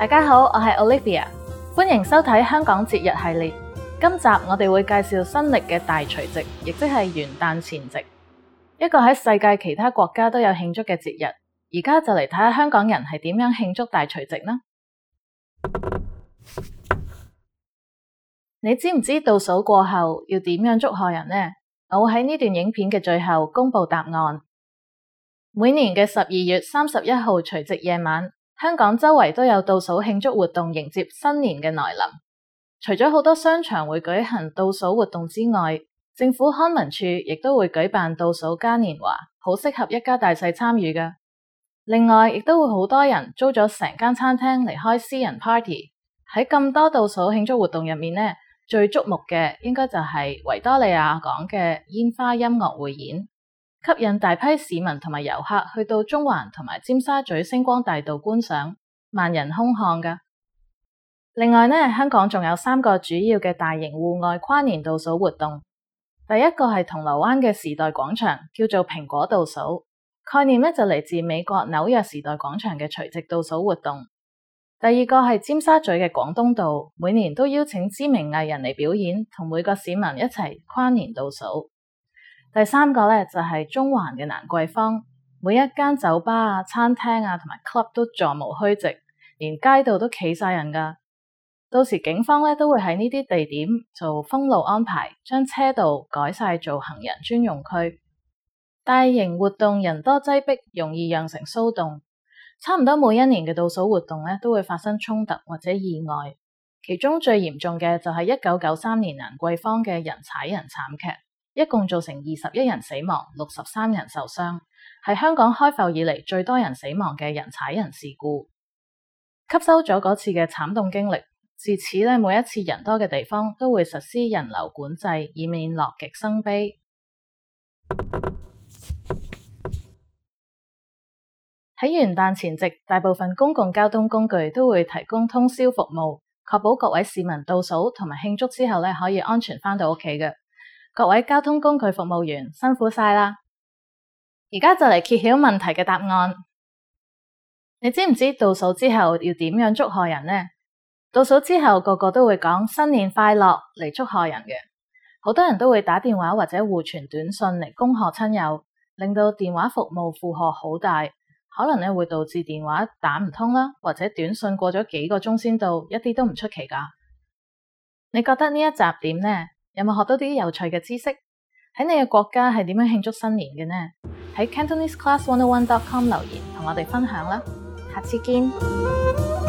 大家好，我係 Olivia，歡迎收睇香港節日系列。今集我哋會介紹新曆嘅大除夕，亦即係元旦前夕，一個喺世界其他國家都有慶祝嘅節日。而家就嚟睇下香港人係點樣慶祝大除夕啦。 你知唔知倒數過後要點樣祝賀人呢？我會喺呢段影片嘅最後公布答案。每年嘅十二月三十一號除夕夜晚。香港周圍都有倒數慶祝活動，迎接新年嘅來臨。除咗好多商場會舉行倒數活動之外，政府康文署亦都會舉辦倒數嘉年華，好適合一家大細參與㗎。另外，亦都會好多人租咗成間餐廳嚟開私人 party。喺咁多倒數慶祝活動入面呢，最矚目嘅應該就係維多利亞港嘅煙花音樂會演。吸引大批市民同埋遊客去到中環同埋尖沙咀星光大道觀賞，萬人空巷噶。另外呢，香港仲有三個主要嘅大型戶外跨年倒數活動。第一個係銅鑼灣嘅時代廣場，叫做蘋果倒數，概念呢就嚟自美國紐約時代廣場嘅垂直倒數活動。第二個係尖沙咀嘅廣東道，每年都邀請知名藝人嚟表演，同每個市民一齊跨年倒數。第三個咧就係、是、中環嘅蘭桂坊。每一間酒吧啊、餐廳啊同埋 club 都座無虛席，連街道都企晒人噶。到時警方咧都會喺呢啲地點做封路安排，將車道改曬做行人專用區。大型活動人多擠迫，容易釀成騷動。差唔多每一年嘅倒數活動咧都會發生衝突或者意外，其中最嚴重嘅就係一九九三年蘭桂坊嘅人踩人慘劇。一共造成二十一人死亡、六十三人受傷，係香港開埠以嚟最多人死亡嘅人踩人事故。吸收咗嗰次嘅慘痛經歷，自此咧每一次人多嘅地方都會實施人流管制，以免樂極生悲。喺 元旦前夕，大部分公共交通工具都會提供通宵服務，確保各位市民倒數同埋慶祝之後咧可以安全返到屋企嘅。各位交通工具服務員辛苦晒啦！而家就嚟揭曉問題嘅答案。你知唔知倒數之後要點樣祝賀人呢？倒數之後個個都會講新年快樂嚟祝賀人嘅，好多人都會打電話或者互傳短信嚟恭賀親友，令到電話服務負荷好大，可能呢會導致電話打唔通啦，或者短信過咗幾個鐘先到，一啲都唔出奇㗎。你覺得呢一集點呢？有冇學到啲有趣嘅知識？喺你嘅國家係點樣慶祝新年嘅呢？喺 CantoneseClass101.com 留言同我哋分享啦，下次見。